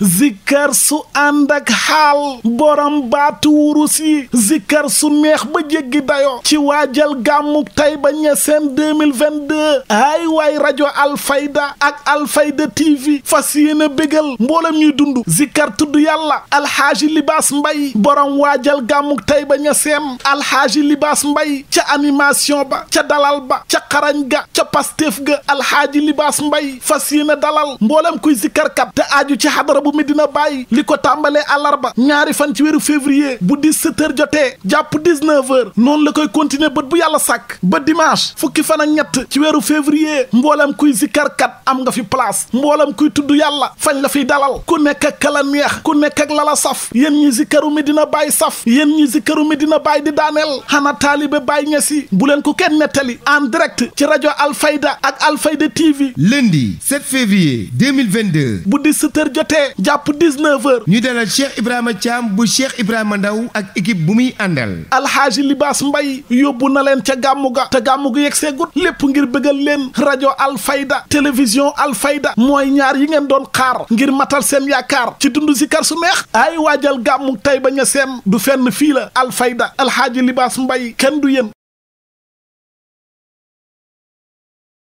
zikkar su ànd ak xaal borom baatu wurus yi zikkar su neex ba jéggi dayo ci waajal gàmmuk Tayba Ñaseen 2022 ay waay rajo alfayda ak alfayda tv fas yéene bégal mboolem ñuy dund zikkar tudd yàlla alxaaji libaas mbay borom waajal gàmmuk Tayba Ñaseen alxaaji libaas mbay ca animation ba ca dalal ba ca xarañ ga ca pasteef ga alxaaji libaas mbay fas yéene dalal mboolem kuy zikkarkat te aju ci xadara bu Medina bàyyi li ko tàmbalee àllarba ñaari fan ci weeru février bu 17h jotee jàpp 19h noonu la koy continuer bët bu yàlla sàkk ba dimanche fukki fan ak ñett ci weeru février mboolam kuy si zikarkat am nga fi place mboolam kuy tudd yàlla fañ la fiy dalal ku nekk ak kala neex ku nekk ak lala saf yéen ñi si zikaru Medina bàyyi saf yéen ñi si zikaru Medina bàyyi di daaneel xana taalibe Baye ñesi bu leen ko kenn nettali en direct ci rajo Alfayda ak Alfayda TV lundi 7 février 2022 bu 17h jotee jàpp 19 heures ñu dalal Cheikh Ibrahima Thiam bu Cheikh Ibrahima Ndaw ak équipe bu muy àndal alxaaji libaas mbay yóbbu na leen ca gàmmu ga te gàmmu gi yegg seegut lépp ngir bëggal leen rajo alfayda télévision alfayda mooy ñaar yi ngeen doon xaar ngir matal seen yaakaar ci dund si kar su neex ay waajal gàmmu tey ba ña seen du fenn fii la alfayda alxaaji libaas mbay kenn du yéen